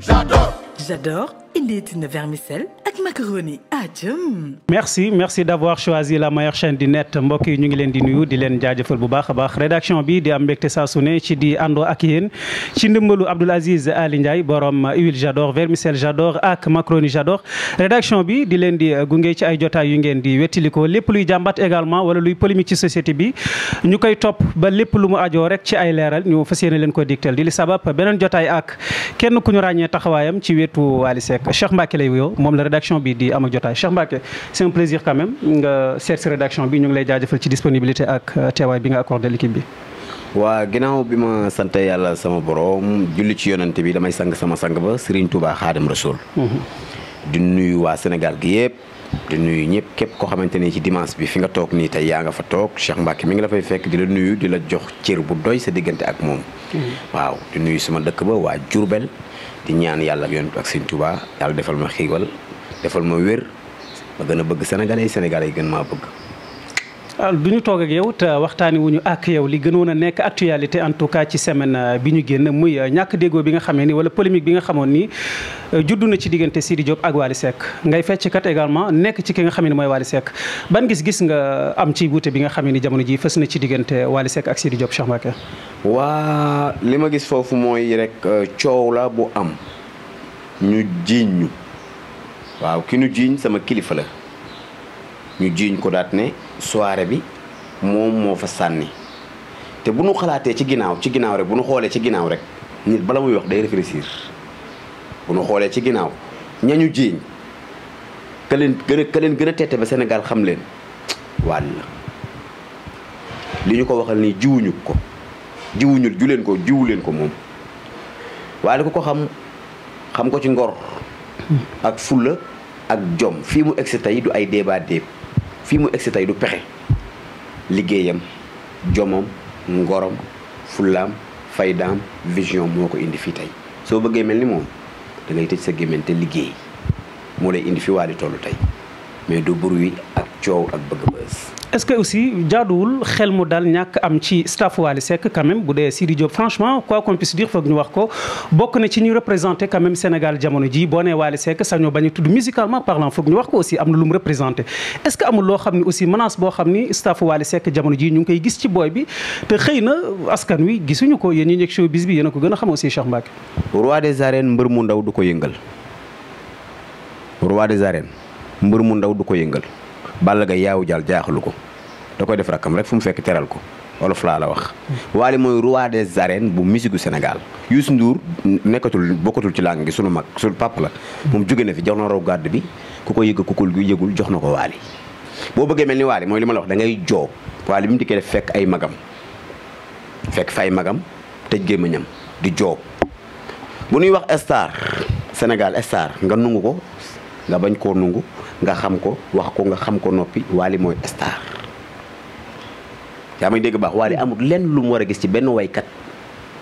j'adore. J'adore. Une vermicelle ak macaroni ah, merci d'avoir choisi la meilleure chaîne du net mbokk yi ñu ngi leen di nuyu di leen jaajëfal bu baax a baax rédaction bi di am mbégte saa ci di àndoo ak yéen ci ndimbalu Abdoul Aziz Ali Ndiaye borom huile j'adore vermicelle j'adore ak macaroni j'adore rédaction bi di leen di gunge ci ay jotaay yu ngeen di wettalikoo lépp luy jàmbat également wala luy polémique ci société bi ñu koy topp ba lépp lu mu ajoo rek ci ay leeral ñu fas yéene leen ko di xaritu Wally Seck Cheikh Mbacke lay wuyoo moom la rédaction bi di am ak jotaay Cheikh Mbacke c'est un plaisir quand même nga seet si rédaction bi ñu ngi lay jaajëfal ci disponibilité ak euh, teewaay bi nga accordé l'équipe bi. waa ginnaaw bi ma sant yàlla sama borom julli ci yonante bi damay sang sama sang ba Serigne Touba Xaadim Rasoul. Mhm. di nuyu waa Sénégal gi yëpp. di nuyu ñëpp képp koo xamante ni ci dimance bi fi nga toog nii tey yaa nga fa toog Cheikh Mbacke mi ngi la fay fekk di la nuyu di la jox cër bu doy sa diggante ak moom. Mm-hmm. waaw di nuyu sama dëkk ba waa Diourbel di ñaan yàlla ak yoon ak Sëñ Touba yàlla defal ma xiigal defal ma wér ma gën a bëgg Sénégalais yi Sénégalais yi gën maa bëgg. du ñu toog ak yow te waxtaani wuñu ak yow li gënoon a nekk actualité en tout cas ci semaine euh, bi ñu génn muy euh, ñàkk déggoo bi nga xamee ni wala polémique bi nga xamoon ni euh, juddu na ci diggante Sidi Diop ak Wally Seck ngay fecckat également nekk ci ki nga xam ne mooy Wally Seck ban gis-gis nga am ci wuute bi nga xamee ni jamono ji fës na ci diggante Wally Seck ak Sidi Diop Cheikh Mbacké waa li ma gis foofu mooy rek coow la bu am ñu jiiñ ñu waaw ki ñu jiiñ sama kilifa la ñu jiiñ ko daat soirée bi moom moo fa sànni te bu nu xalaatee ci ginnaaw ci ginnaaw rek bu nu xoolee ci ginnaaw rek nit bala muy wax day réfléchir bu xoolee ci ginnaaw ñañu jiiñ ka leen gën a ka leen gën ba Sénégal xam leen wàll li ñu ko waxal nii jiwuñu ko jiwuñu ju leen ko jiwu leen ko moom waaye ku ko xam xam ko ci ngor hmm. ak fulla ak jom fii mu egsi tey du ay débat déeb fii mu egsi tey du pexe liggéeyam jomam ngorom fullaam faydaam vision moo ko indi fii tey soo bëggee mel ni moom da tëj sa gémmente liggéey moo lay indi fi waa di toll tey mais du bruit ak coow ak bëgg est-ce que aussi jaaduwul xel mu dal ñàkk am ci staff Wally Seck quand bu dee Sidi Diop franchement quoi qu'on puisse dire foog ñu wax ko bokk na ci ñuy représenté quand même Sénégal jamono ji boo nee Wally Seck sañoo bañ a tudd musicalement parlant foog ñu wax ko aussi am na lu mu représenté est-ce que amul loo xam ne aussi menace boo xam ni staff Wally sekk jamono ji ñu ngi koy gis ci booy bi te xëy na askan wi gisuñu ko yéen ñi nekk bis bi yéen ko gën a xam aussi Cheikh Mbacke roi mu ndaw du ko yëngal roi mbër mu ndaw du ko yëngal Balla Gaye yaawu jàll jaaxalu ko da koy def rakkam rek fu mu fekk teral ko olof laa la wax. Waly mooy roi de arènes bu musique gu yu Youssou Ndour nekkatul bokkatul ci làng gi sunu mag su pap la. moom jóge na fi jox na raw gàdd bi ku ko yëg kukul gu yëgul jox na ko waali boo bëggee mel ni Waly mooy li ma wax da ngay joo Waly bi mu dikkee def fekk ay magam fekk fay magam tëj gémmiñam di joob bu ñuy wax star Sénégal star nga nungu ko nga bañ koo nungu nga xam ko wax ko nga xam ko noppi waali mooy star yaa may dégg baax Wally amul lenn lu mu war a gis ci benn waykat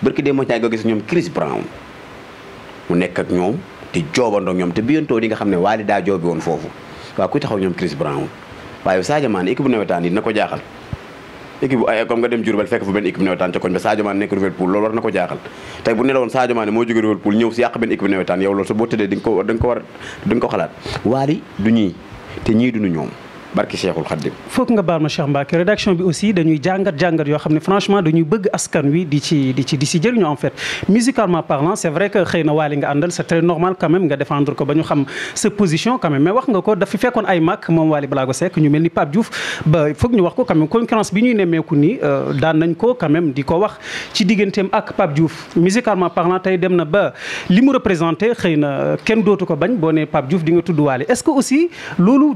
bërki dee montaay nga gis ñoom Chris Brown mu nekk ak ñoom di joobandoo ñoom te biyantoo di nga xam ne Wally daa joobi woon foofu waaw kuy taxaw ñoom Chris Brown waaye Sadio Mané équipe bu nawetaan yi dina ko jaaxal équipe bu ay e comme nga dem Diourbel fekk fa benn équipe nawetaan ca koñ ba Sadio Mané nekk Liverpool loolu war ko jaaxal tey bu ne la woon Sadio Mané moo jóge ñëw si yàq benn équipe nawetaan yow loolu sa boo tëddee di ko xalaat waali du ñii te ñii duñu ñoom barki Cheikhul nga baal ma Cheikh Mbacke rédaction bi aussi dañuy jàngat jàngat yoo xam ne franchement dañuy bëgg askan wi di ci di ci di si jëriñu en fait. musicalement parlant c' est vrai que xëy na waali nga àndal c' est très normal quand nga défendre ko ba ñu xam ni Pape Diouf ba foog ñu wax ko quand concurrence bi ñuy nemmeeku nii euh, daan nañ ko quand même di ko wax ci digganteem ak Pape Diouf. musicalement parlant tey dem na ba li mu représenté xëy na kenn dootu ko bañ boo ne Pape Diouf di tudd Waly est ce que aussi loolu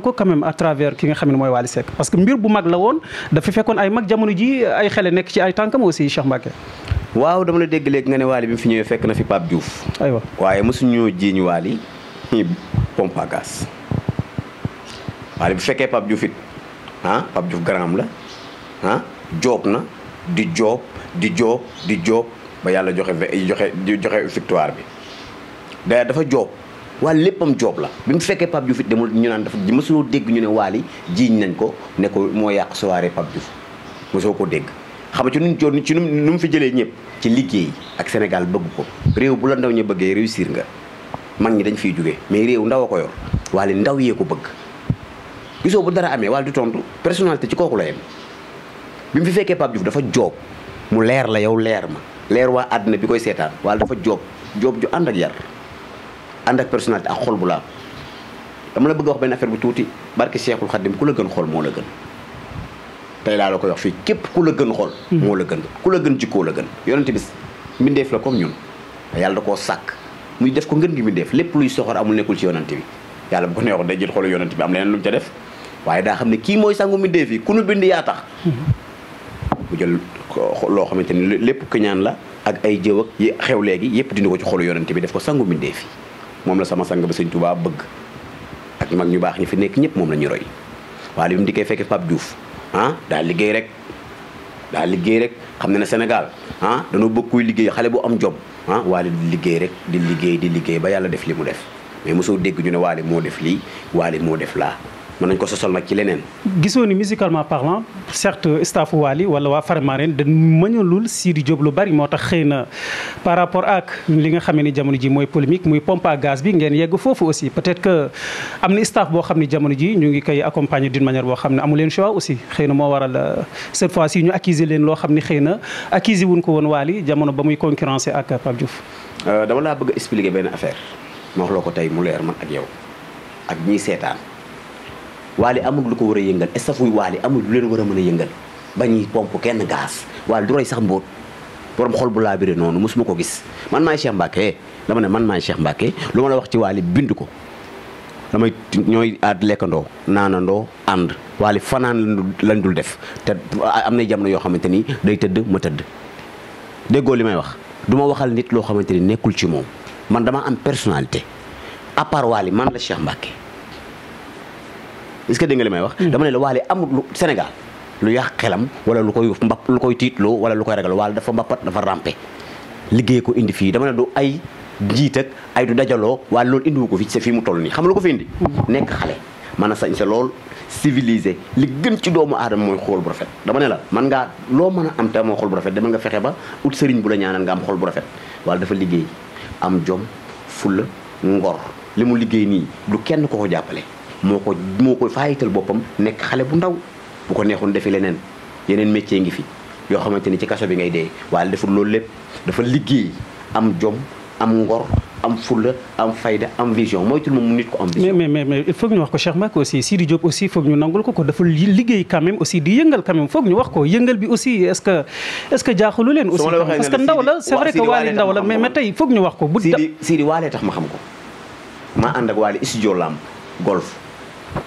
xam ko quand même à travers ki nga xam ne mooy Wally seek parce que mbir bu mag la woon dafa fekkoon ay mag jamono ji ay xale nekk ci ay tànkam aussi Cheikh Mbacké waaw dama la dégg léegi nga ne Wally bi fi ñëwee fekk na fi Pape Diouf aywa waaye mosuñu jiiñ Wally pompe à gaz Wally bu fekkee Pape Diouf it ah Pape Diouf la ah joob na di joob di joob di joob ba yàlla joxe joxe joxe victoire bi da dafa joob Wally léppam joob la bi mu fekkee Pape Diouf it demul ñu naan dafa mësuloo dégg ñu ne Wally jiiñ nañ ko ne ko moo yàq soirée Pape Diouf mësoo ko dégg xam nga ci nun joon ci nu mu fi jëlee ñëpp ci liggéey ak Sénégal bëgg ko réew bu la ndaw ña bëggee réussir nga mag ñi dañ fiy jóge mais réew ndaw a ko yor Wally ndaw yee ko bëgg gisoo bu dara amee Wally du tontu personnalité ci kooku la yem bi fi fekkee Pape Diouf dafa joob mu leer la yow leer ma leer waa àddina bi koy seetaan Wally dafa joob joob ju ànd ak yar ànd ak personnalité ak xol bu laa dama la bëgg a wax benn bu tuuti barki Seexul Xaddim ku la gën xol moo la gën tey laa la koy wax fii képp ku la gën xol hmm. moo la gën ku la gën jikkoo la gën yonente bis mbindeef la comme ñun yàlla da koo sàkk muy def ko ngën gi mbindeef lépp luy soxor amul nekkul ci yonante bi yàlla bu ko day jël xolu bi am leneen lu mu ca def waaye daa xam ne kii mooy sangu mbindeef yi ku nu bind yaa tax hmm. mu jël loo xamante ni lépp këñaan la ak ay jëw ak yi xew léegi yépp dindi ko ci xolu yonante bi def ko sangu mbindeef yi moom la sama sang ba sëñ Touba bëgg ak mag ñu baax ñu fi nekk ñëpp moom la ñu roy waaye li mu dikkee fekkee Pape Diouf ah daa liggéey rek daa liggéey rek xam ne ne Sénégal ah danoo bëgg kuy liggéey xale bu am jom ah waale di liggéey rek di liggéey di liggéey ba yàlla def li mu def mais mosoo dégg ñu ne waale moo def lii waale moo def laa mën nañ ko sosal nag ci leneen. gisoo ni musicalement parlant certes staffu Wally wala waa Faramareen dañ mëñalul Sidy Diop lu bari moo tax xëy na par rapport ak li nga xamee ni jamono ji mooy polémique muy pompe à gaz bi ngeen yegg foofu aussi peut-être que am na staff boo xam ne jamono ji ñu ngi kay accompagner d'une manière boo xam ne amu leen choix aussi xëy na moo waral euh, cette fois ci ñu accuser leen loo xam ne xëy na accuser wuñ ko woon Wally jamono ba muy concurrencer ak Pape Diouf. Euh, dama laa bëgg expliquer benn affaire ma ko tey mu leer man ak yow ak ñiy seetaan. waali amul lu ko war a yëngal estafuy waali amul lu leen war a mën a yëngal ba ñuy pompe kenn gaas waali du roy sax mbóot borom xol bu laabiré noonu mosuma ko gis man maay Cheikh Mbacke dama ne man maay Cheikh Mbacke lu la wax ci waali bind ko damay ñooy lekkandoo naanandoo ànd waali fanaan lañ dul def te na jamono yoo xamante ni day tëdd ma tëdd déggoo li may wax du waxal nit loo xamante ni nekkul ci moom man dama am personnalité à man la Cheikh Mbacke est-ce que dégg nga li may wax. Hmm. dama ne la Wally amul lu Sénégal lu yàq xelam wala lu koy mbap lu koy tiitloo wala lu koy ragal Wally dafa mbappat dafa rampe liggéey ko indi fii dama ne du ay njiit ay du dajaloo waaye loolu indiwu ko fi ci fii mu toll nii xam lu ko fi indi. Hmm. nekk xale mën a sañ sa lool civilisé li gën ci doomu aadama mooy xool bu rafet. dama ne la man ngaa loo mën a am te moo xool bu rafet dama nga fexe ba ut sëriñ bu la ñaanal nga am xool bu rafet wala dafa liggéey am jom fulla ngor li mu liggéey nii du kenn ko ko jàppale. moo ko moo ko faayital boppam nekk xale bu ndaw bu ko neexoon defi leneen yeneen métier ngi fi yoo xamante ni ci kaso bi ngay dee waaye deful loolu lépp dafa liggéey am jom am ngor am fulla am fayda am vision moytul moom nit ko am vision. mais mais wax ko Cheikh Mbacke aussi Sidi Diop aussi foog ñu nangul ko ko dafa liggéey quand aussi di yëngal quand foog ñu wax ko yëngal bi aussi est-ce que leen. aussi parce que ndaw la c'est vrai que waale ndaw la ma xam ko maa ànd ak waale studio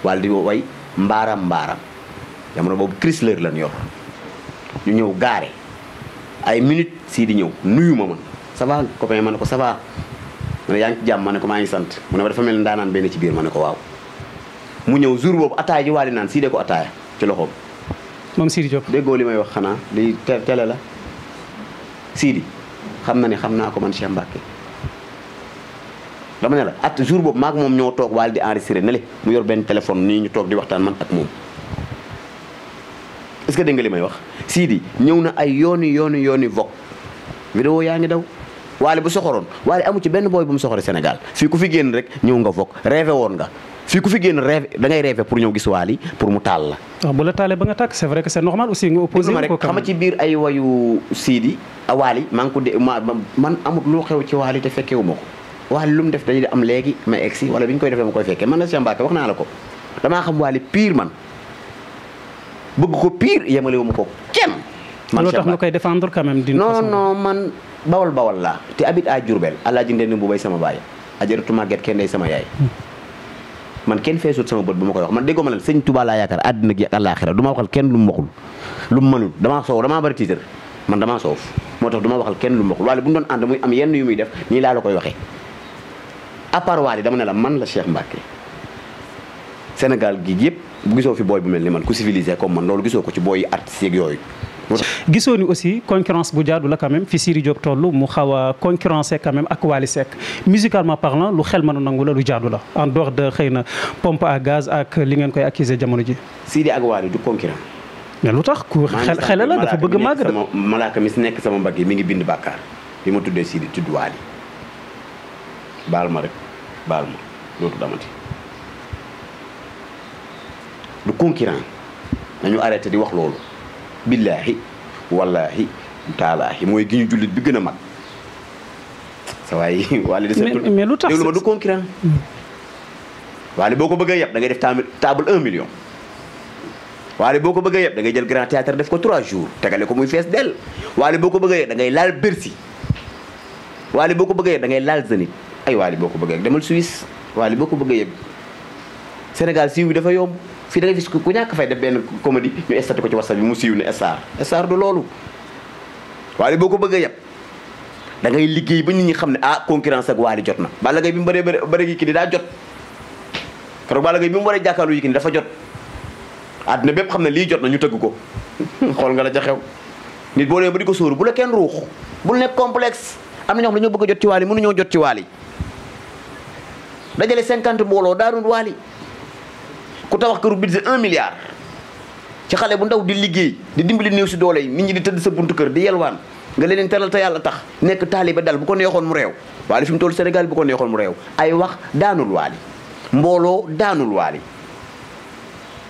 walla di way mbaaram mbaaram jamono boobu Chrysler lañ yor ñu ñëw gaare ay minute sii di ñëw nuyu ma man ça va copain ma ne ko ça va yaa ngi ci jàmm ne ko maa ngi sant mu ne ma dafa mel ni daanaan benn ci biir ma ne ko waaw mu ñëw jour boobu ataaya ji waali naan sii de ko ataaya ci loxoom moom Sidi Diop déggoo li may wax xanaa li télé la Sidi xam na ne xam naa ko man Cheikh Mbacke dama ne la at jour boobu maak moom ñoo toog waal di enregistré ne le mu yor benn téléphone ni ñu toog di waxtaan man ak moom est-ce que dégg nga li may wax Sidi ñëw na ay yooni yooni yooni vok vidéo yaa ngi daw waale bu soxoroon waale amu ci benn booy bu mu soxore Sénégal fii ku fi génn rek ñëw nga vok rêvé woon nga fii ku fi génn rêve da ngay rêvé pour ñëw gis waali pour mu taal la. waaw ah, bu la taalee ba nga tàkk c'est vrai que c'est normal aussi nga opposé ko xam ci biir ay wayu Sidi ah, waali maa ngi ko de man amut lu xew ci waali te fekkewu ma ko. waali lu mu def dañuy am léegi ma egg si wala bi ñu koy def dama koy fekkee man na Cheikh Mbacke wax naa la ko damaa xam waali pire man bëgg ko pire yemale wu ma ko kenn. man Cheikh Mbacke koy défendre quand même. dina non non man bawal bawal laa te habite à Diourbel alaaji ndend bu bay sama baay ajaratu màgget kenn day sama yaay. Hmm. man kenn feesut sama bët bu ma koy wax man déggoo ma leen sëñ Touba laa yaakaar àddina gi ak àllaaxira du ma waxal kenn lu mu waxul lu mu mënul damaa soow damaa bari tiitar man moo tax du ma waxal kenn lu mu waxul wala bu ñu doon ànd muy am yenn yu muy def nii laa la koy waxee à part Wally dama ne la man la Cheikh Mbacké Sénégal gi yëpp gisoo fi booy bu mel ni man ku civilisé comme man loolu gisoo ko ci booy artistes yeeg yooyu. gisoo ni aussi concurrence bu jaadu la quand même fi Sidy Diop toll mu xaw a concurrencé quand même ak Wally Seck musicalement parlant lu xel mën a nangu la lu jaadu la en dehors de xëy na pompe à gaz ak li ngeen koy accuser jamono ji. Sidy ak Wally du concurrent. mais lu tax ku xel xel la dafa bëgg a màgg. si nekk sama mbagg mi ngi bind bàkkaar bi ma tuddee Sidy tudd Wally baal baal ma dootu damati du concurrent nañu arrêté di wax loolu billaahi wallaahi taalaahi mooy gi ñu jullit bi gën a mag sa waay waale de seetul mais lu tax déglu ma du concurrent hmm. waale boo ko bëggee yeb dangay ngay def table un million waale boo ko bëggee yeb da ngay jël grand théâtre def ko trois jours tegale ko muy fees dell waale boo ko bëggee yeb da ngay laal Bercy waale boo ko bëggee yeb da ngay laal Zénith ay waali boo ko bëggee demal Suisse waali boo ko bëggee yëg Sénégal siiw bi dafa yomb fii da nga gis ku ñàkk fay def benn comédie ñu estaté ko ci whatsapp bi mu siiw ne star star du loolu waali boo ko bëggee yëg dangay liggéey ba nit ñi xam ne ah concurrence ak waali jot na Balla Gaye bi mu bëree bëri Yékini daa jot keroog Balla Gaye bi mu waree jàkkaarloo Yékini dafa jot àddina bépp xam ne lii jot na ñu tëgg ko xool nga la ca nit boo demee ba di ko sóoru bu la kenn ruux bul nekk complexe am na ñoo xam ne bëgg a jot ci waali mënuñoo jot ci waali dajale cinquante mbooloo daarul waali ku tabax këru budget un milliard ci xale bu ndaw di liggéey di dimbali néew si doole yi nit ñi di tëdd sa buntu kër di yelwaan nga leen teral te yàlla tax nekk taaliba dal bu ko neexoon mu réew waali fi mu toll Sénégal bu ko neexoon mu réew ay wax daanul waali mbooloo daanul waali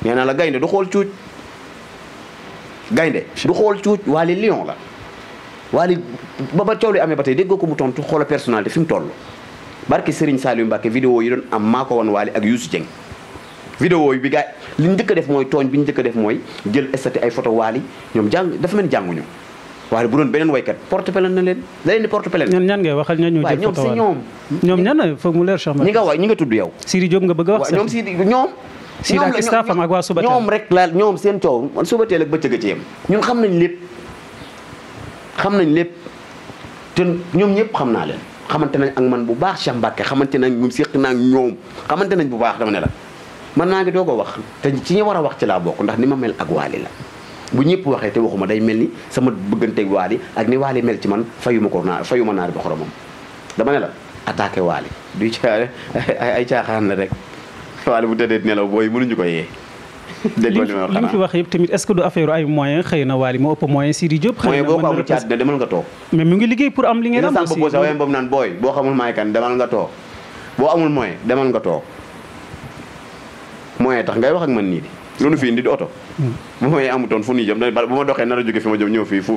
nee naa la gaynde du xool cuuc gaynde du xool cuuc waali lion la waali ba ba coow li amee ba tey dégg ko mu tontu xoola personnalité fi mu toll barke Serigne Saliou Mbacke vidéo yi doon am maa ko woon waale ak Youssou Dieng vidéo yi bi gaa li njëkk a def mooy tooñ bi ñu njëkk def mooy jël estati ay photo waali ñoom jàng dafa mel jànguñu waaye bu doon beneen waykat porte plainte na leen da leen di porte plainte ñan ngay waxal ñan ñoo jël photo waali ñoom si ñoom ñoom ñan foog ñi nga wax ñi nga tudd yow a wax ñoom Siri ñoom Siri ak staffam ak waa Subatel ñoom rek la ñoom seen coow man Subatel ak bëccëg a ci ñun xam nañ lépp xam nañ lépp te ñoom ñëpp xam naa leen xamante nañ ak man bu baax Cheikh Mbacke xamante nañ ñun séq naa ñoom xamante nañ bu baax dama ne la man naa ngi doo ko wax te ci ñu war a wax ci laa bokk ndax ni ma mel ak waali la bu ñëpp waxee te waxuma day mel ni sama bëgganteeg waali ak ni waali mel ci man fayuma ma ko naa fayu ma naar bi xoromam ne la attaqué waali du ca ay la rek waali bu tëddee nelaw booy mënuñu ko yee déggoo li nga fi wax yëpp tamit est-ce que du affaire ay moyen nga toog mais mu amul moyen demal nga toog moyen tax ngay wax man nii loolu fi di oto bu hmm. moyen amutoon fu nii jëm bu ma doxee nar a ma jëm ñëw fii fu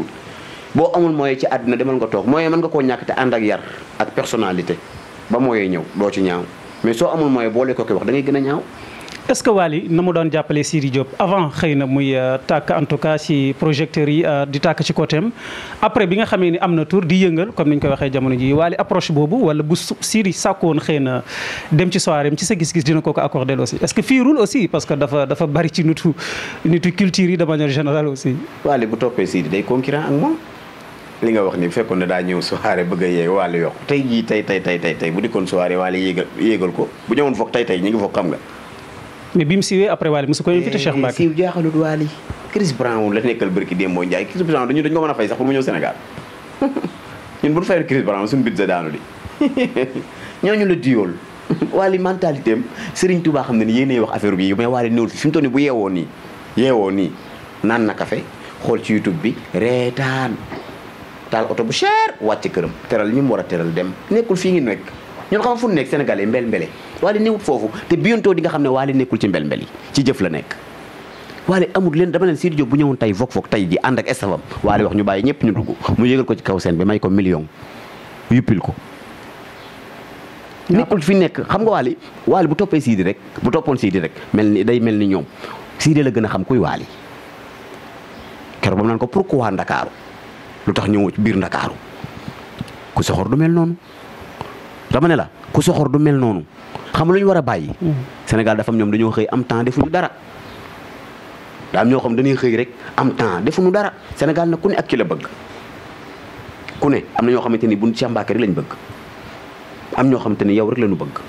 boo amul moyen ci àddina demal nga toog moyen mën nga koo ñàkk te ànd ak yar ak personnalité ba moyen ñëw doo ci ñaaw mais soo amul moyen boole ko koy wax da ngay gën a ñaaw est-ce que Wally na mu doon jàppale Sidy Diop avant xëy na muy euh, tàkk en tout cas ci projecteurs yi euh, di tàkk ci côté am après bi nga xamee ni am na tour di yëngal comme ni ñu ko waxee jamono ji Wally approche boobu wala bu Sidy sàkkoon xëy na dem ci soirée ci sa gis-gis ko ko accordé aussi est-ce que fiirul aussi parce que dafa dafa bari ci nitu nitu culture yi de manière aussi. Wally bu toppee Sidy day concurrent nga wax ni fekkoon na daa ñëw soirée bëgg a yee Wally yokk tey jii tey tey tey tey bu dikkoon soirée Wally yéegal yéegal ko bu ñëwoon foog tey tey ñu ngi foog xam nga. mais bi mu siwee après Wally mosu ko eh, invité Cheikh Mbacke siiw jaaxalut Wally Chris Brown la nekkal bërki démb mooy Ndiaye Chris Brown dañu dañ ko mën a fay sax pour mu ñëw Sénégal ñun ñu fayoon Chris Brown suñu budget daanu di ñooñu la diyool Wally mentalité am Serigne xam ne ni yéenay wax affaire bi mais Wally néewul fi mu toll nii bu yeewoo nii naan na kafe xool ci YouTube bi reetaan taal oto bu cher wàcc këram teral ñi mu war a teral dem nekkul fii ngi nekk ñun xam fu nekk sénégalais mbel mbele waale newut foofu te bientôt di nga xam ne waale nekkul ci mbel mbel yi ci jëf la nekk waale amul leen dama leen Sidy Diop bu ñëwoon tey vok vok tey ji ànd ak estafam waale wax ñu bàyyi ñëpp ñu dugg mu yëgal ko ci kaw seen may ko million yuppil ko nekkul fi nekk xam nga waale waale bu toppee Sidy rek bu toppoon Sidy rek mel ni day mel ni ñoom Sidy la gën a xam kuy waale keroog ba mu naan ko pourquoi Ndakaaru lu tax ñëwoo ci biir Ndakaaru ku soxor du mel noonu dama ne la ku soxoor du mel noonu xam lu ñu war a bàyyi. Mm. Sénégal dafam ñoom dañoo xëy am temps defuñu dara. daa am ñoo xam dañuy xëy rek am temps defuñu dara Sénégal nag ku ne ak ki bëgg. ku ne am na ñoo xamante ni buñ Cheikh Mbacké rek lañ bëgg am ñoo xamante ni yow rek lañu bëgg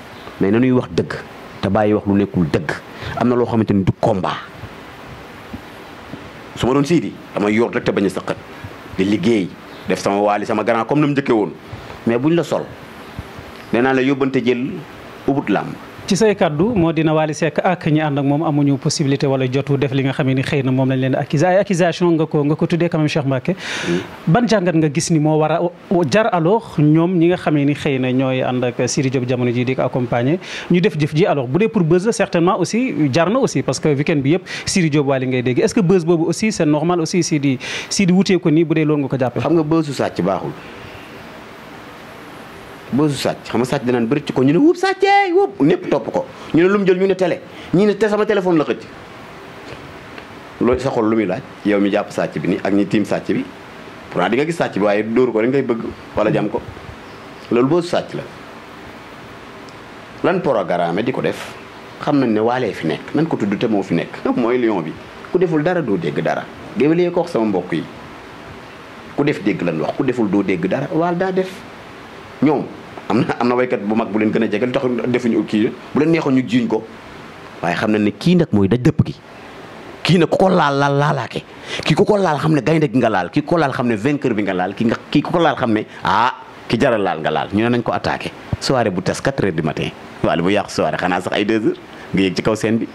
mais nañuy wax dëgg te bàyyi wax lu nekkul dëgg am na loo xamante ni du combat. su ma doon siidi damay yor rek te bañ a sëqat di liggéey def sama waali sama grand comme ni mu njëkkee woon mais ñu la sol. nee la yóbbante jël ubut làmb ci say kaddu moo dina Wally Seck ak ñi ànd ak moom amuñu possibilité wala jotu def li nga xam ni xëy na moom lañ leen accuse ay accusation nga ko nga ko tuddee mm. ban jàngat nga gis ni moo war a jar alors ñoom ñi nga xam ni xëy na ñooy ànd ak Sidy Diop jamono ji di ko accompagner ñu def jëf ji alors bu dee pour buzz la certainement aussi jar na aussi parce que weekend bi yëpp Sidy Diop Wally ngay dégg est-ce que buzz boobu aussi c'est normal aussi si di wutee ko nii bu dee loolu nga ko jàppee. xam nga buzzu sàcc baaxul. boosu sàcc xam nga sàcc danaan bëri ci ko ñu ne wuub sàccee eh, wuub ñëpp topp ko ñu ne lu mu jël ñu ne télé ñu ne te sama téléphone la xëcc loolu sa xol lu muy laaj yow mi jàpp sàcc bi ni ak ñi tiim sàcc bi pourtant di nga gis sàcc bi waaye dóoru ko rek ngay bëgg wala jam ko loolu boosu sàcc la lan programme di ko def xam nañ ne waalee fi nekk nan ko tudd te moo fi nekk mooy lion bi ku deful dara doo dégg dara géwalee ko wax sama mbokk yi ku def dégg lan wax ku deful doo dégg dara waal daa def ñoom am na am na waykat bu mag bu leen gën a jege lu tax defuñu kii bu leen neexoon ñu jiiñ ko waaye xam ne ne kii nag mooy daj dëpp ki kii nag ku ko laal laal laalaake kii ku ko laal xam ne gaynde gi nga laal kii ku ko laal xam ne vainqueur bi nga laal ki nga kii ku ko laal xam ne ah ki jaral laal nga laal ñu ne nañ ko attaqué soirée bu tas 4 heures du matin waaye bu yàqu soirée xanaa sax ay 2 heures nga yéeg ci kaw seen bi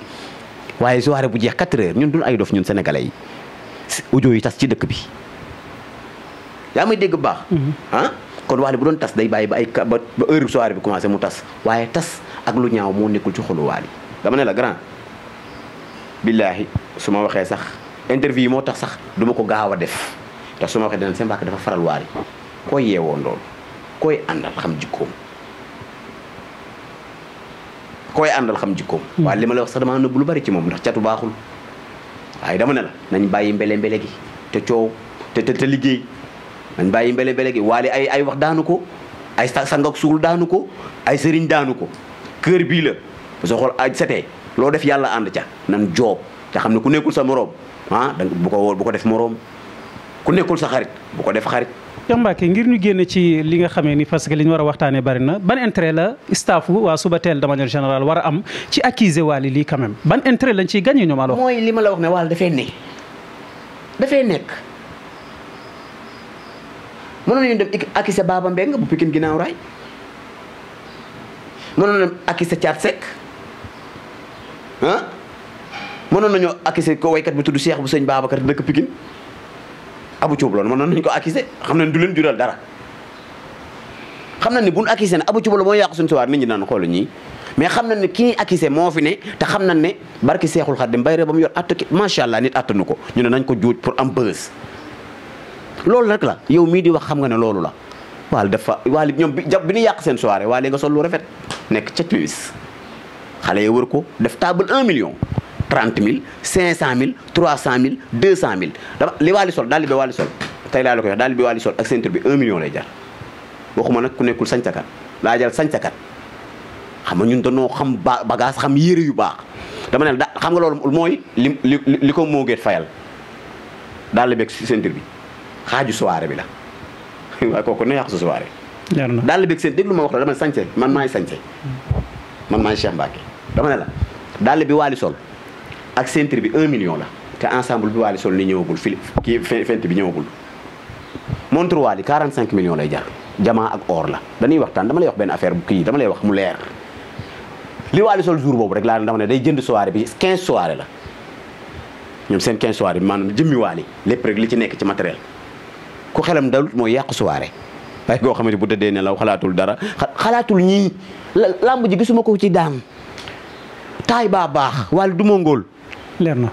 waaye soirée bu jeex 4 heures du dul ay dof ñun sénégalais yi audio yi tas ci dëkk bi yaa may dégg baax mm-hmm. ah kon waale bu doon tas day bàyyi ba ay ba heure soirée bi commencé mu tas waaye tas ak lu ñaaw moo nekkul ci xolu waali dama ne la grand billaahi su ma waxee sax interview moo tax sax duma ko gaaw a def te su ma waxee dana seen mbàkk faral waali koy yeewoon loolu koy àndal xam jikkoom koy àndal xam jikkoom hmm. waaye li ma la wax sax dama nëbb lu bari ci moom ndax catu baaxul waaye dama la nañ bàyyi mbele mbele gi te coow te te liggéey nañ bàyyi mbele mbele gi waale ay ay wax daanu ko ay sangak suul daanu ko ay sëriñ daanu ko kër bii la parce que xool aj loo def yàlla ànd ca nan joob te xam ne ku nekkul sa moroom ah da bu ko bu ko def moroom ku nekkul sa xarit bu ko def xarit Cheikh Mbacké ngir ñu génne ci li nga xamee ni parce que li ñu war a waxtaanee bari na ban intérêt la staffu waa suba teel de général générale war a am ci accuser Wally lii quand même ban intérêt lañ ciy gagné ñoom alors. mooy li ma la wax ne Wally dafay ne dafay nekk. mënoon nañu dem accusé Baba Mbengue bu Pikine ginnaaw raay mënoon nañu accusé Thiat Seck ah mënoon nañoo accusé ko waykat bu tudd Cheikh bu sëñ Babacar dëkk Pikine Abou Thioub loolu mënoon nañu ko accusé xam nañ du leen jural dara xam nañ ne bu ñu accusé ne Abou Thioub la moo yàqu suñu soir nit ñi naan xoolu ñii mais xam nañ ne kii ñuy accusé moo fi te xam nañ ne barki Seexul Xaadim bay re ba mu yor att ki macha allah nit attanu ko ñu ne nañ ko juuj pour am bës loolu rek la yow mii di wax xam nga ne loolu la waal dafa waal ñoom bi jàpp bi ñu yàq seen soirée waale nga sol lu rafet nekk ca Tunis xale yi war ko def table un million 30 mille 500 mille 300 mille 200 mille dama li waali sol daal bi waali sol tey laa la ko wax daal bi waali sol ak ceinture bi 1 million lay jar waxuma nag ku nekkul sañcakat laa jal sañcakat xam nga ñun dañoo xam ba bagage xam yére yu baax dama ne da xam nga loolu mooy li li ko moo géet fayal daal la beeg ceinture bi xaaju soirée bi la ko kooku na yàq sa soirée. leer na daal bi seen déglu ma wax la dama sañse man maay sañse man maay Cheikh Mbacke dama ne la daal bi waali sol ak centre bi un million la te ensemble bi waali sol ni ñëwagul fii kii fent bi ñëwagul. montre waali 45 millions lay jar jamaa ak or la dañuy waxtaan dama lay wax benn affaire bu kii dama lay wax mu leer li waali sol jour boobu rek laa dama ne day jënd soirée bi 15 soirée la ñoom seen 15 soirée bi maanaam jëmmi waali lépp rek li ci nekk ci matériel. ku xelam dalut mooy yàq soirée waaye eh? koo xamante bu tëddee nelaw xalaatul dara xalaatul ñii làmb ji gisuma ko ci daam taay baa baax wàllu du mongol leer na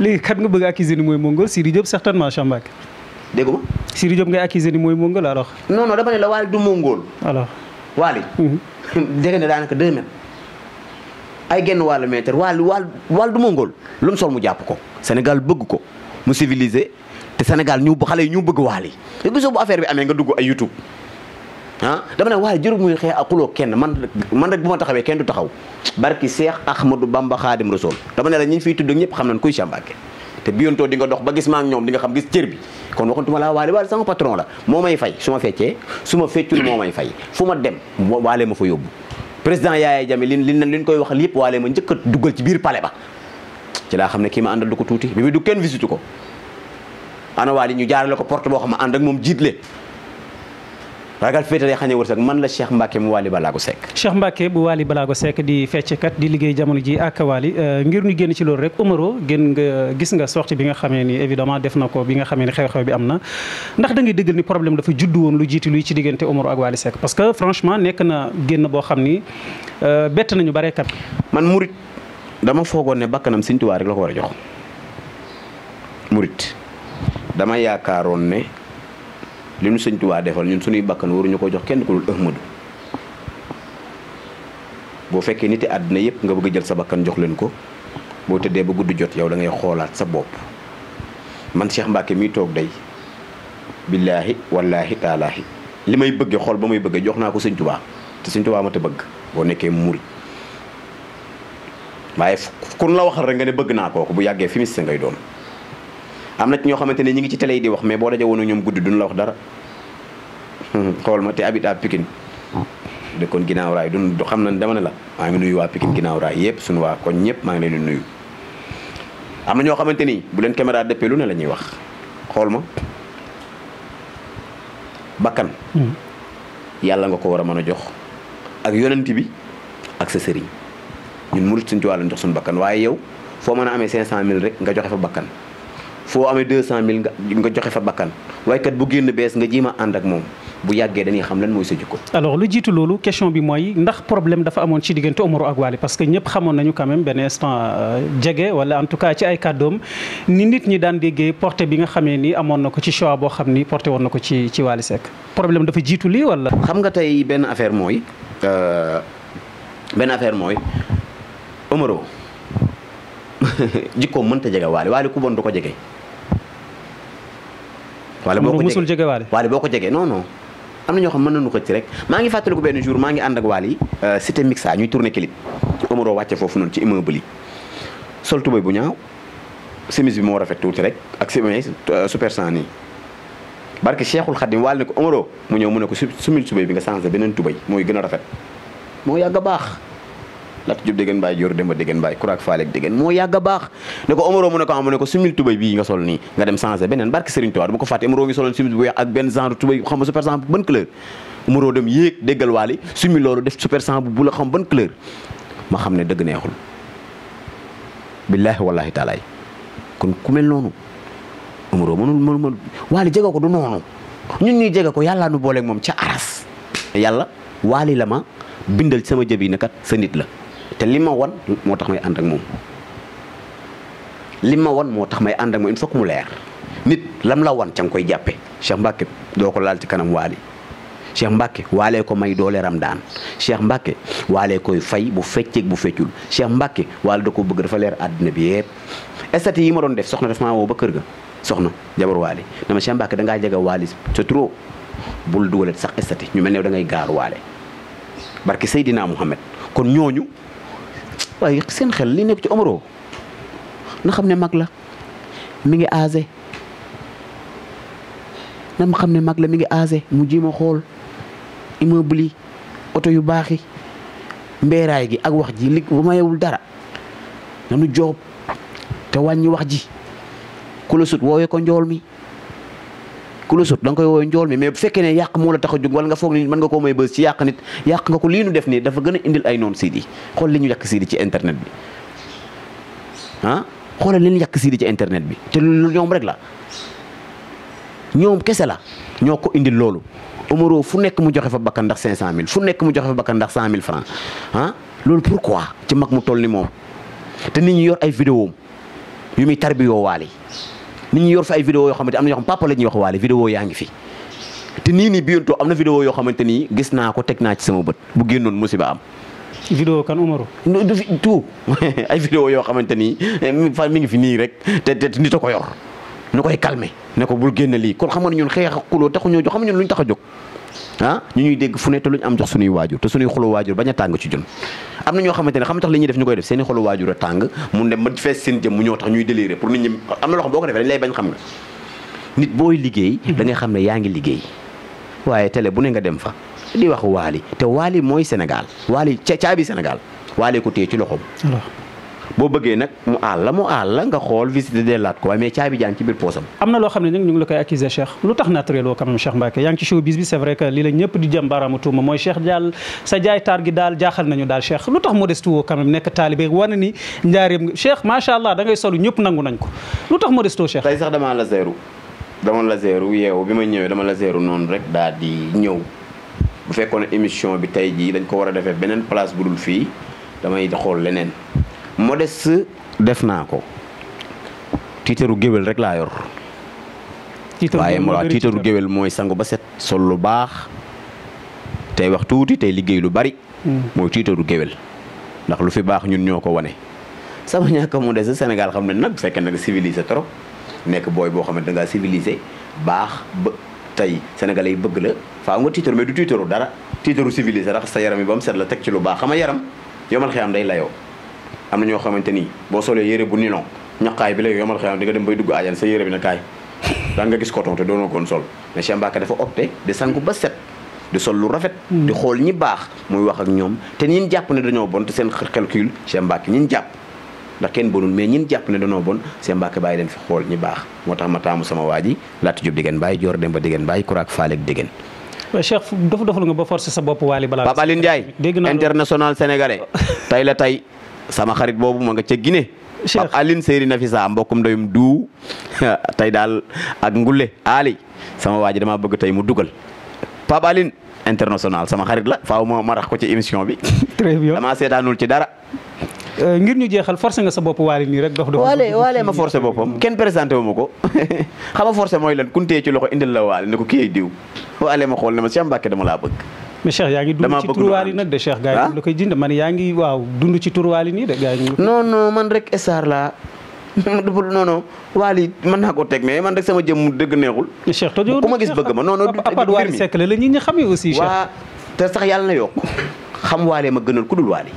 léegi kat nga bëgg a accuser ni mooy mongol Sidy Diop certainement Chambak déggu ma Sidy Diop ngay accuser ni mooy mongol alors non non dama ne la du mongol alors waali mhm. dégg ne daanaka deux ay genn wàllu mètre wàllu wàllu du mongool lu mu sol mu jàpp ko Sénégal bëgg ko mu civilisé te Sénégal ñu xale ñu bëgg waali te gisoo bu affaire bi amee nga dugg ay YouTube ah dama ne waaye jërë muy xeex ak xuloo kenn man man rek bu ma taxawee kenn du taxaw barki Seex Ahmadou Bamba Xaadim Rasul dama ne la ñi fiy tudd ñëpp xam nañ kuy Cheikh Mbacké te biyantoo nga dox ba gis maa ñoom di nga xam gis cër kon waxantuma laa waale waale sama patron la moo may fay su ma feccee su ma feccul moo may fay fu dem dem waale ma fa yóbbu président Yaya Jammeh li li liñ koy waxal yëpp waale ma njëkk a duggal ci biir pale ba ci laa xam ne kii ma àndal ko tuuti bi du kenn visite ko ana waali ñu jaarale ko porte boo xam ne ànd ak moom jiitle ragal féete day xañe wërsëg man la Cheikh Mbacke mu Waly Balago Seck. Cheikh Mbacke bu Waly Balago Seck di fecckat di liggéey jamono ji ak Waly euh, ngir ñu génn ci loolu rek Omaro génn nga gis nga sortie bi nga xamee ni évidemment def na ko bi nga xamee ni xew-xew bi am na ndax dangay ngay dëggal ni problème dafa judd woon lu jiitu luy ci diggante Omaro ak Waly Seck parce que franchement nekk na génn boo xam ni euh, bett nañu bare kat. man Murit dama foogoon ne bakkanam Sëñ Tuubaa rek la ko war a jox dama yaakaaroon ne li ñu sëñ Tuubaa defal ñun suñuy bakkan waruñu ko jox kenn ku dul Ahmadu boo fekkee nit te àdduna yëpp nga bëgg jël sa bakkan jox leen ko boo tëddee ba gudd jot yow da ngay xoolaat sa bopp man Cheikh Mbacke mii toog day billaahi wallaahi taalaahi li may bëgge xool ba may bëgge jox naa ko sëñ Tuubaa te sëñ Tuubaa ma te bëgg boo nekkee murit waaye kun la waxal rek nga ne bëgg naa kooku bu yàggee fi mis sa ngay doon am na ci ñoo xamante ne ñi ngi ci télé yi di wax mais boo daje woon ñoom guddi duñ la wax dara xool ma te habite à Pikine dëkkoon ginnaaw raay duñ xam na dama ne la maa ngi nuyu waa Pikine ginnaaw raay yëpp suñu waa koñ ñëpp maa ngi leen di nuyu na ñoo xamante ni bu leen caméra dëppee lu ne la ñuy wax xool ma bakkan hmm. yàlla nga ko war a mën a jox ak yonent bi ak sa sëriñ ñun murit suñ ci wàllu jox suñu bakkan waaye yow foo mën a amee 500000 rek nga joxe fa bakkan foo amee 200000 nga nga joxe fa bakkan waaye kat bu génn bees nga jiima ànd ak moom bu yàggee dañuy xam lan mooy sa jikko. alors lu jiitu loolu question bi mooy ndax problème dafa amoon ci diggante Omaro ak Wally parce que ñëpp xamoon nañu quand même benn instant euh, jege wala en tout cas ci ay kàddoom ni nit ñi daan déggee porté bi nga xamee ni amoon na ko ci choix boo xam ni porté woon na ko ci ci Wally Seck problème dafa jiitu lii wala. xam nga tey benn affaire mooy euh, benn affaire mooy Omaro jikkoom mënta jege Wally Wally ku bon du ko jege. waale boo ko jege musul jege ko jege non non am na ñoo xam mën nañu ko ci rek maa ngi fàttaliku benn jour maa ngi ànd ak waal yi euh, cité mixa ñuy tourné clip Omaro wàcce foofu noonu ci immeuble yi sol tubéy bu ñaaw chemise bi moo rafet tuuti rek ak chemise euh, super sang nii barke Cheikhul Khadim waal ne ko Omaro mu ñëw mu ne ko sumil tubéy bi nga changé beneen tubéy mooy gën a rafet moo yàgg a Lat Diop déggan mbaay dem Demba déggan mbaay Kuraak Faaleeg déggan moo yàgg a baax ne ko Omaro mu ne ko am ah, mu ne ko simil tubay bii nga sol nii nga dem changé beneen barke Serigne Touba du ma ko fàtte Omaro ngi soloon simil bu weex ak benn genre xam nga super sang bu ban couleur Omaro dem yéeg déggal waali simil loolu def super sang bu bu xam ban couleur ma xam ne dëgg neexul billaahi wallaahi taalaay kon ku mel noonu Omaro mënul mënul mënul waali jege ko du noonu ñun ñuy jege ko yàllaa nu booleeg moom ca aras yàlla waali la ma bindal sama jëb yi ne kat sa nit la te li ma wan moo tax may ànd moom li ma wan moo tax may ànd ak moom il mu leer nit lam la wan ca nga koy jàppe Cheikh Mbacke doo ko laal ci kanam waali Cheikh Mbacke waalee ko may doole Ramadaan Cheikh Mbacke waalee koy fay bu fecceeg bu feccul Cheikh Mbacke waale da ko bëgg dafa leer àddina bi yëpp estati yi ma doon def soxna dafa maa woo ba kër ga soxna jabar waali dama Cheikh Mbacke da ngaa jege waali c'est trop bul dugalee sax estati ñu mel ne da ngay gaar waale barke Seydina Mouhamed kon ñooñu waaye seen xel li nekk ci Omaro na xam ne mag la mi ngi aase na xam ne mag la mi ngi aase mu ji ma xool immeuble yi oto yu baax yi mbeeraay gi ak wax ji li mayewul dara nanu joob te wàññi wax ji ku la sut woowee njool mi ku la sut da nga njool mi mais bu fekkee ne yàq moo la tax a jóg wala nga foog ni mën nga koo may bës ci yàq nit yàq nga ko lii nu def nii dafa gën a indil ay noon Sidi xool li ñu yàq Sidi ci internet bi ah yàq Sidi ci internet bi te loolu ñoom rek la ñoom kese la ñoo ko indil loolu Omaro fu nekk mu joxe fa bakkan ndax 500000 fu nekk mu joxe fa bakkan ndax 100000 francs ah loolu pourquoi ci mag mu toll ni moom te nit ñi yor ay vidéo yu muy tarbiyoo waale nit ñi yor fi ay vidéo yoo xamante am na ñoo xam papa la ñuy wax waale vidéo yaa ngi fi te nii nii bientôt am na vidéo yoo xamante ni gis naa ko teg naa ci sama bët bu génnoon musiba am. vidéo kan Umaru. du fi tout ay vidéo yoo xamante ni fa mi ngi fi nii rek te te nit ko yor. nu koy calmer ne ko bul génne lii kon xam nga ñun xeex ak xuloo taxu ñoo jox xam nga ñun luñ tax a jóg. ah ñu ñuy dégg fu ne te lu ñu am jox suñuy waajur te suñuy xolu waajur bañ a tàng ci jun am na ñoo xamante ne xam tax li ñuy def ñu koy def seen i tàng mu ne ma fees seen jëm ñoo tax ñuy déliré pour nit ñi am na loo xam boo ko defee dañ lay bañ xam nga nit booy liggéey hmm. da ngay xam ne yaa ngi liggéey waaye télé bu ne nga dem fa di wax waali te waali mooy Sénégal waali caabi Sénégal waali ko téye ci loxoom boo bëggee nag mu àll la mu nga xool visite laat ko waaye mais caabi jaan ci biir poosam am na loo xam ne nag ñu ngi la koy accuser Cheikh lu tax natureloo quand même Cheikh Mbacke yaa ngi ci showbiz bi c'est vrai lii la ñëpp di jëm tuuma mooy Cheikh daal sa jaay taar gi daal jaaxal nañu daal Cheikh lu tax modeste woo quand même nekk taalibe wane ni njaareem Cheikh macha allah da ngay solu ñëpp nangu nañ ko lu tax modeste woo Cheikh tey sax damaa la zeeru dama la zeeru yeewu bi ma ñëwee dama la zeeru noonu rek daal di ñëw bu fekkoon émission bi tey jii dañ ko war a defee beneen place bu dul fii damay xool leneen modeste def naa ko tiitaru géwél rek laa yor waaye waaw tiitaru géwél mooy sangu ba set sol lu baax tey wax tuuti tey liggéey lu bari hmm. mooy tiitaru géwél ndax lu fi baax ñun ñoo ko wane sama ñàkk modeste Sénégal xam ne nag fekk na civilisé trop nekk booy boo xamante nga civilisé baax ba tey sénégalais yi bëgg la faa faaw nga tiitaru mais du tiitaru dara tiitaru civilisé rax sa yaram yi ba mu set la teg ci lu baax xama yaram yomal xiyam day layoo am na ñoo xamante ni boo solee yére bu nilon ñaqaay bi lay yomal xëyam di nga dem bay dugg ajjan sa yére bi na kaay daan nga gis coton te doonoo koon sol mais Cheikh Mbacké dafa opté di sangu ba set di sol lu rafet hmm. di xool ñi baax muy wax ak ñoom te ñin jàpp ne dañoo bon te seen calcul Cheikh Mbacké ñin jàpp ndax kenn bonul mais ñin jàpp ne dañoo bon Cheikh Mbacké bàyyi leen fi xool ñi baax moo tax ma taamu sama waa ji laata jub diggéen bàyyi joor dem ba diggéen bàyyi kuraak faaleeg diggéen waaw Cheikh bopp Waly balaa Pape Aline Ndiaye international sénégalais tay la tay sama xarit boobu ma nga ca Guinée. Cheikh na fisa Nafisa mbokkum doyum du tey daal ak Ngule Ali sama waa ji damaa bëgg tey mu dugal Pape Aline international sama xarit la faaw ma ma rax ko ci émission bi. très bien damaa seetaanul ci dara. Euh, ngir ñu jeexal forcé nga sa bopp waale nii rek dox dox. waale waale forcé boppam kenn présenté wu ma ko xam nga forcé mooy lan kuntee ci loxo indil la waale ne ko kii ay diw waale ma xool ne ma Cheikh Mbacke dama laa bëgg. mais Cheikh yaa ngi dund ci turuwaal yi nag ah? jënd man yaa ngi waaw dund ci turuwaal yi nii de gars yi non non man rek la laa non non waali mën naa ko teg mais man rek sama jëm mu dëgg neexul Cheikh tojoo ma gis ma non non apart waali sekk la la ñi ñu xamee te sax yàlla na yokk xam waalee ma gënal ku dul waali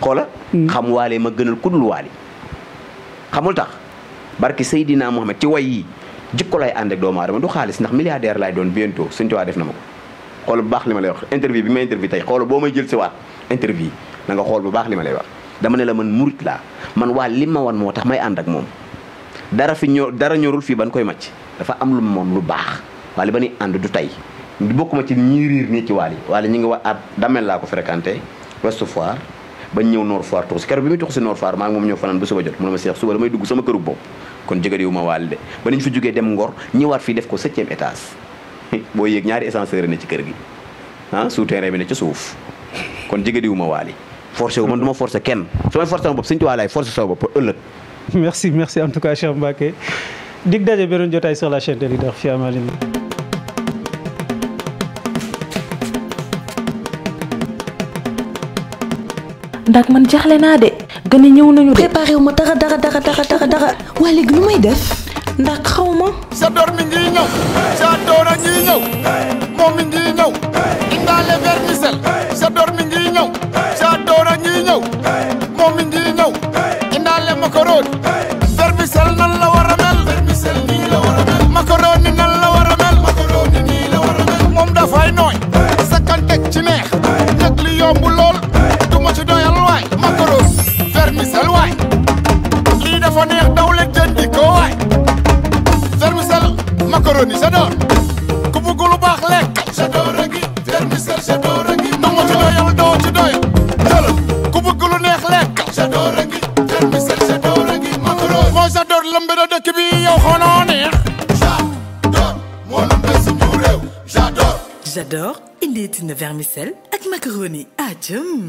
xoola hmm. xam waalee ma gënal ku dul waali tax barki Seydina Mohamed ci way yi jikko lay ànd ak doomu aadama du xaalis ndax milliardaire laay doon bientôt suñ waa def na ma ko xool bu baax li ma lay wax interview bi ma interview tey xool boo may jël si waat interview na xool bu baax li ma lay wax dama ne la man murit laa man waal li ma wan moo tax may ànd moom dara fi ñor dara ñorul fii ban koy màcc dafa am lu moom lu baax waal ba ni ànd du tey bokkuma ci ñi riir nii ci waal yi waale ñu ngi wax ab damel laa ko fréquenté Ouest Foire ba ñëw Nord Foire tuxu si keroog bi muy tuxu si Nord Foire maa ngi moom ñëw fanaan bu suba jot mu ne ma seex suba damay dugg sama këru bopp kon jëgëriwu ma waale fi jógee dem Ngor ñëwaat fii def ko septième étage boo yéeg ñaari ascenseur ne ci kër gi ah souterrain bi ne ci suuf kon jigéediwuma waali forcé wu man du ma kenn soo may forcé sama bopp suñu tuwaa laay forcé sama bopp pour ëllëg merci merci en tout cas Cheikh Mbacké dig daje beneen jotaay sur la chaîne de fi amalim ndax man jaxle naa de. gën a ñëw nañu de. préparé wu ma dara dara dara dara dara. waa nu may def. ndax xaw ma. sa door mi ngi ñëw. sa door a ngi ñëw. moom mi ngi ñëw. indaale vermicelle. sa door mi ngi ñëw. sa door a ngi vermicelle ak macaroni ah jëm